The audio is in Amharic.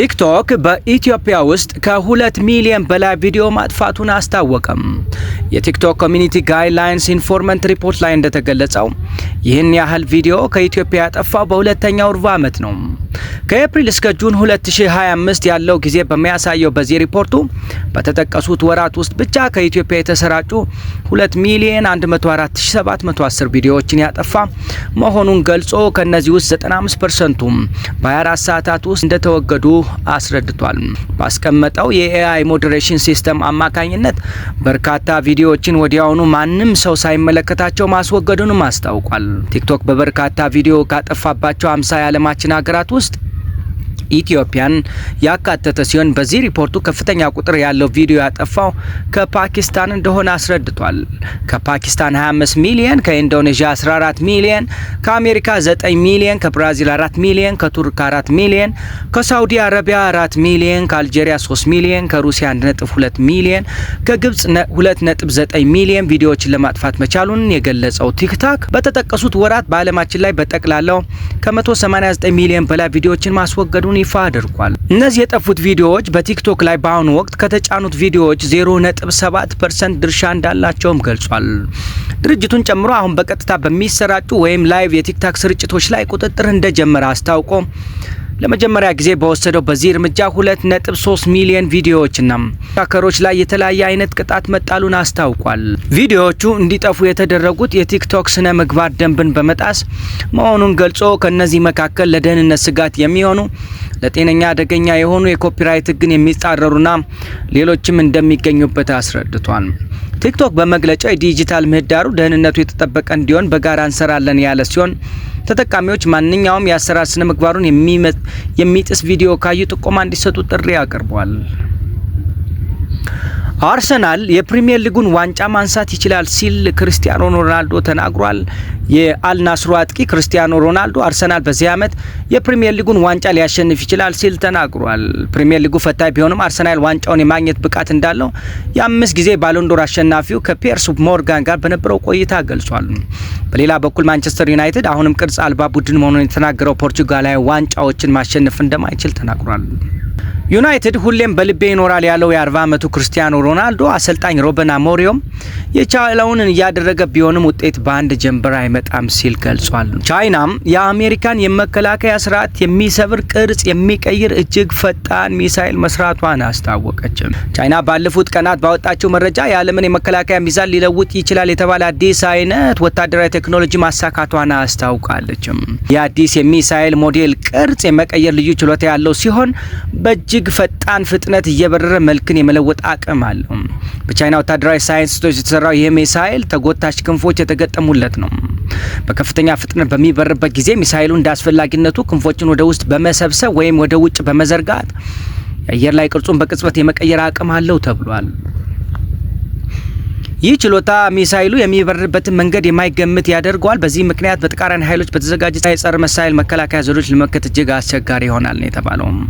ቲክቶክ በኢትዮጵያ ውስጥ ከሁለት ሚሊዮን በላይ ቪዲዮ ማጥፋቱን አስታወቀም። የቲክቶክ ኮሚኒቲ ጋይድላይንስ ኢንፎርመንት ሪፖርት ላይ እንደተገለጸው ይህን ያህል ቪዲዮ ከኢትዮጵያ ያጠፋው በሁለተኛው ሩብ ዓመት ነው። ከኤፕሪል እስከ ጁን 2025 ያለው ጊዜ በሚያሳየው በዚህ ሪፖርቱ በተጠቀሱት ወራት ውስጥ ብቻ ከኢትዮጵያ የተሰራጩ 2 ሚሊዮን 104710 ቪዲዮዎችን ያጠፋ መሆኑን ገልጾ ከእነዚህ ውስጥ 95 ፐርሰንቱ በ24 ሰዓታት ውስጥ እንደተወገዱ አስረድቷል። ባስቀመጠው የኤአይ ሞዴሬሽን ሲስተም አማካኝነት በርካታ ቪዲዮዎችን ወዲያውኑ ማንም ሰው ሳይመለከታቸው ማስወገዱንም አስታውቋል። ቲክቶክ በበርካታ ቪዲዮ ካጠፋባቸው 50 የዓለማችን ሀገራት ውስጥ ኢትዮጵያን ያካተተ ሲሆን በዚህ ሪፖርቱ ከፍተኛ ቁጥር ያለው ቪዲዮ ያጠፋው ከፓኪስታን እንደሆነ አስረድቷል። ከፓኪስታን 25 ሚሊየን፣ ከኢንዶኔዥያ 14 ሚሊየን፣ ከአሜሪካ 9 ሚሊየን፣ ከብራዚል 4 ሚሊየን፣ ከቱርክ 4 ሚሊየን፣ ከሳውዲ አረቢያ 4 ሚሊየን፣ ከአልጄሪያ 3 ሚሊየን፣ ከሩሲያ 1.2 ሚሊየን፣ ከግብጽ 2.9 ሚሊየን ቪዲዮዎችን ለማጥፋት መቻሉን የገለጸው ቲክታክ በተጠቀሱት ወራት በዓለማችን ላይ በጠቅላላው ከ189 ሚሊየን በላይ ቪዲዮዎችን ማስወገዱን ይፋ አድርጓል። እነዚህ የጠፉት ቪዲዮዎች በቲክቶክ ላይ በአሁኑ ወቅት ከተጫኑት ቪዲዮዎች 0.7 ፐርሰንት ድርሻ እንዳላቸውም ገልጿል። ድርጅቱን ጨምሮ አሁን በቀጥታ በሚሰራጩ ወይም ላይቭ የቲክታክ ስርጭቶች ላይ ቁጥጥር እንደጀመረ አስታውቆ ለመጀመሪያ ጊዜ በወሰደው በዚህ እርምጃ 2.3 ሚሊዮን ቪዲዮዎችና ሀከሮች ላይ የተለያየ አይነት ቅጣት መጣሉን አስታውቋል። ቪዲዮዎቹ እንዲጠፉ የተደረጉት የቲክቶክ ስነ ምግባር ደንብን በመጣስ መሆኑን ገልጾ ከእነዚህ መካከል ለደህንነት ስጋት የሚሆኑ ለጤነኛ አደገኛ የሆኑ የኮፒራይት ህግን የሚጻረሩና ሌሎችም እንደሚገኙበት አስረድቷል። ቲክቶክ በመግለጫው የዲጂታል ምህዳሩ ደህንነቱ የተጠበቀ እንዲሆን በጋራ እንሰራለን ያለ ሲሆን ተጠቃሚዎች ማንኛውም የአሰራር ስነ ምግባሩን የሚጥስ ቪዲዮ ካዩ ጥቆማ እንዲሰጡ ጥሪ አቅርቧል። አርሰናል የፕሪሚየር ሊጉን ዋንጫ ማንሳት ይችላል ሲል ክርስቲያኖ ሮናልዶ ተናግሯል። የአልናስሩ አጥቂ ክርስቲያኖ ሮናልዶ አርሰናል በዚህ ዓመት የፕሪሚየር ሊጉን ዋንጫ ሊያሸንፍ ይችላል ሲል ተናግሯል። ፕሪሚየር ሊጉ ፈታኝ ቢሆንም አርሰናል ዋንጫውን የማግኘት ብቃት እንዳለው የአምስት ጊዜ ባሎንዶር አሸናፊው ከፒየርስ ሞርጋን ጋር በነበረው ቆይታ ገልጿል። በሌላ በኩል ማንቸስተር ዩናይትድ አሁንም ቅርጽ አልባ ቡድን መሆኑን የተናገረው ፖርቹጋላዊ ዋንጫዎችን ማሸነፍ እንደማይችል ተናግሯል። ዩናይትድ ሁሌም በልቤ ይኖራል ያለው የ40 ዓመቱ ክርስቲያኖ ሮናልዶ አሰልጣኝ ሮበን ሞሪዮም የቻለውን እያደረገ ቢሆንም ውጤት በአንድ ጀንበር አይመጣም ሲል ገልጿል። ቻይናም የአሜሪካን የመከላከያ ስርዓት የሚሰብር ቅርጽ የሚቀይር እጅግ ፈጣን ሚሳይል መስራቷን አስታወቀችም። ቻይና ባለፉት ቀናት ባወጣችው መረጃ የዓለምን የመከላከያ ሚዛን ሊለውጥ ይችላል የተባለ አዲስ አይነት ወታደራዊ ቴክኖሎጂ ማሳካቷን አስታውቃለችም። የአዲስ የሚሳይል ሞዴል ቅርጽ የመቀየር ልዩ ችሎታ ያለው ሲሆን በእጅግ ፈጣን ፍጥነት እየበረረ መልክን የመለወጥ አቅም አለ። አለው። በቻይና ወታደራዊ ሳይንቲስቶች የተሰራው ይህ ሚሳኤል ተጎታች ክንፎች የተገጠሙለት ነው። በከፍተኛ ፍጥነት በሚበርበት ጊዜ ሚሳኤሉ እንደ አስፈላጊነቱ ክንፎችን ወደ ውስጥ በመሰብሰብ ወይም ወደ ውጭ በመዘርጋት የአየር ላይ ቅርጹን በቅጽበት የመቀየር አቅም አለው ተብሏል። ይህ ችሎታ ሚሳይሉ የሚበርበትን መንገድ የማይገምት ያደርገዋል። በዚህ ምክንያት በተቃራኒ ኃይሎች በተዘጋጀ የጸረ መሳይል መከላከያ ዘዴዎች ለመመከት እጅግ አስቸጋሪ ይሆናል ነው የተባለው።